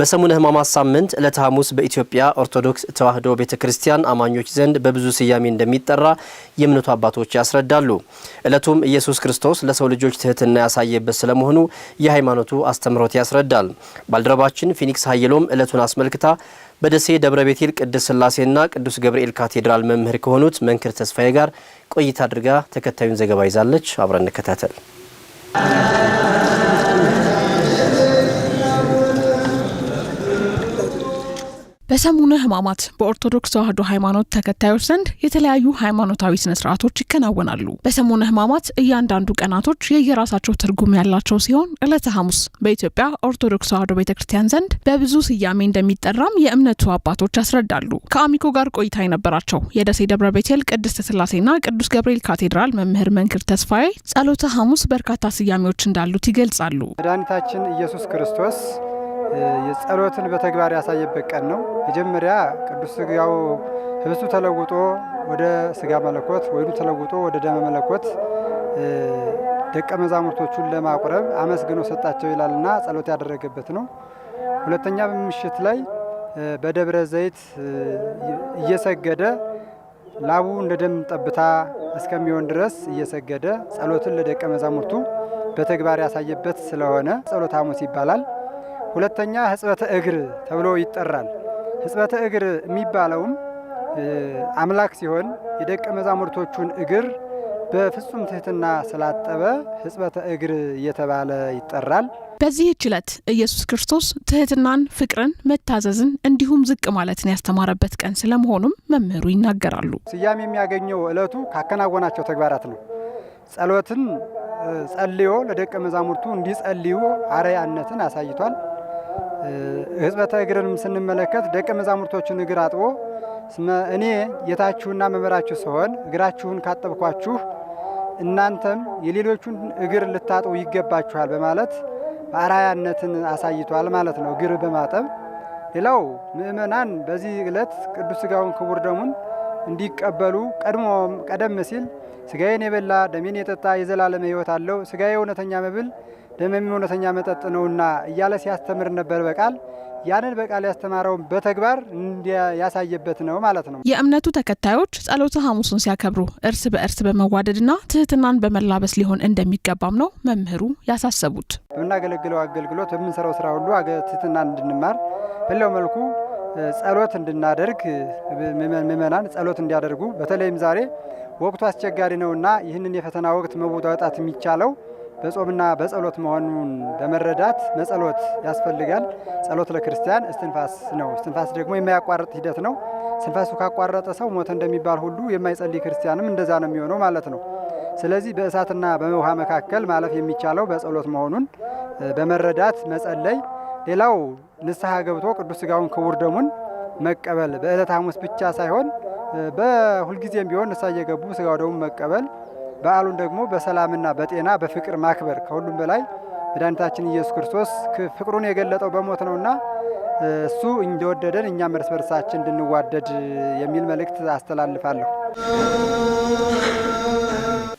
በሰሙነ ሕማማት ሳምንት ዕለተ ሐሙስ በኢትዮጵያ ኦርቶዶክስ ተዋሕዶ ቤተ ክርስቲያን አማኞች ዘንድ በብዙ ስያሜ እንደሚጠራ የእምነቱ አባቶች ያስረዳሉ። ዕለቱም ኢየሱስ ክርስቶስ ለሰው ልጆች ትህትና ያሳየበት ስለመሆኑ የሃይማኖቱ አስተምህሮት ያስረዳል። ባልደረባችን ፊኒክስ ሀይሎም ዕለቱን አስመልክታ በደሴ ደብረ ቤቴል ስላሴ ና ቅዱስ ገብርኤል ካቴድራል መምህር ከሆኑት መንክር ተስፋዬ ጋር ቆይታ አድርጋ ተከታዩን ዘገባ ይዛለች። አብረን እንከታተል። በሰሙነ ሕማማት በኦርቶዶክስ ተዋሕዶ ሃይማኖት ተከታዮች ዘንድ የተለያዩ ሃይማኖታዊ ስነስርዓቶች ይከናወናሉ። በሰሙነ ሕማማት እያንዳንዱ ቀናቶች የየራሳቸው ትርጉም ያላቸው ሲሆን ዕለተ ሐሙስ በኢትዮጵያ ኦርቶዶክስ ተዋሕዶ ቤተ ክርስቲያን ዘንድ በብዙ ስያሜ እንደሚጠራም የእምነቱ አባቶች ያስረዳሉ። ከአሚኮ ጋር ቆይታ የነበራቸው የደሴ ደብረ ቤቴል ቅድስተ ስላሴና ቅዱስ ገብርኤል ካቴድራል መምህር መንክር ተስፋዬ ጸሎተ ሐሙስ በርካታ ስያሜዎች እንዳሉት ይገልጻሉ። መድኃኒታችን ኢየሱስ ክርስቶስ የጸሎትን በተግባር ያሳየበት ቀን ነው። መጀመሪያ ቅዱስ ስጋው ህብስቱ ተለውጦ ወደ ስጋ መለኮት፣ ወይኑ ተለውጦ ወደ ደመ መለኮት ደቀ መዛሙርቶቹን ለማቁረብ አመስግኖ ሰጣቸው ይላልና ጸሎት ያደረገበት ነው። ሁለተኛ በምሽት ላይ በደብረ ዘይት እየሰገደ ላቡ እንደ ደም ጠብታ እስከሚሆን ድረስ እየሰገደ ጸሎትን ለደቀ መዛሙርቱ በተግባር ያሳየበት ስለሆነ ጸሎት ሐሙስ ይባላል። ሁለተኛ ሕጽበተ እግር ተብሎ ይጠራል። ሕጽበተ እግር የሚባለውም አምላክ ሲሆን የደቀ መዛሙርቶቹን እግር በፍጹም ትህትና ስላጠበ ሕጽበተ እግር እየተባለ ይጠራል። በዚህች ዕለት ኢየሱስ ክርስቶስ ትህትናን፣ ፍቅርን፣ መታዘዝን እንዲሁም ዝቅ ማለትን ያስተማረበት ቀን ስለመሆኑም መምህሩ ይናገራሉ። ስያሜ የሚያገኘው ዕለቱ ካከናወናቸው ተግባራት ነው። ጸሎትን ጸልዮ ለደቀ መዛሙርቱ እንዲጸልዩ አርአያነትን አሳይቷል። ሕጽበተ እግርንም ስንመለከት ደቀ መዛሙርቶቹን እግር አጥቦ እኔ ጌታችሁና መምህራችሁ ስሆን እግራችሁን ካጠብኳችሁ እናንተም የሌሎቹን እግር ልታጥቡ ይገባችኋል በማለት አርአያነትን አሳይቷል ማለት ነው። እግር በማጠብ ሌላው ምእመናን በዚህ ዕለት ቅዱስ ስጋውን ክቡር ደሙን እንዲቀበሉ ቀድሞም ቀደም ሲል ስጋዬን የበላ ደሜን የጠጣ የዘላለም ሕይወት አለው፣ ስጋዬ እውነተኛ መብል ደሜም እውነተኛ መጠጥ ነውና እያለ ሲያስተምር ነበር በቃል ያንን በቃል ያስተማረውን በተግባር ያሳየበት ነው ማለት ነው። የእምነቱ ተከታዮች ጸሎተ ሐሙሱን ሲያከብሩ እርስ በእርስ በመዋደድና ትህትናን በመላበስ ሊሆን እንደሚገባም ነው መምህሩ ያሳሰቡት። በምናገለግለው አገልግሎት በምንሰራው ስራ ሁሉ ትህትናን እንድንማር በለው መልኩ ጸሎት እንድናደርግ ምእመናን ጸሎት እንዲያደርጉ በተለይም ዛሬ ወቅቱ አስቸጋሪ ነውና ይህንን የፈተና ወቅት መወጣጣት የሚቻለው በጾምና በጸሎት መሆኑን ለመረዳት መጸሎት ያስፈልጋል። ጸሎት ለክርስቲያን እስትንፋስ ነው። እስትንፋስ ደግሞ የማያቋርጥ ሂደት ነው። እስትንፋሱ ካቋረጠ ሰው ሞተ እንደሚባል ሁሉ የማይጸልይ ክርስቲያንም እንደዛ ነው የሚሆነው ማለት ነው። ስለዚህ በእሳትና በውሃ መካከል ማለፍ የሚቻለው በጸሎት መሆኑን በመረዳት መጸለይ ሌላው ንስሐ ገብቶ ቅዱስ ስጋውን ክቡር ደሙን መቀበል በዕለት ሐሙስ ብቻ ሳይሆን በሁልጊዜም ቢሆን ንስሐ እየገቡ ስጋው ደሙን መቀበል፣ በዓሉን ደግሞ በሰላምና በጤና በፍቅር ማክበር። ከሁሉም በላይ መድኃኒታችን ኢየሱስ ክርስቶስ ፍቅሩን የገለጠው በሞት ነውና እሱ እንደወደደን እኛም እርስ በርሳችን እንድንዋደድ የሚል መልእክት አስተላልፋለሁ።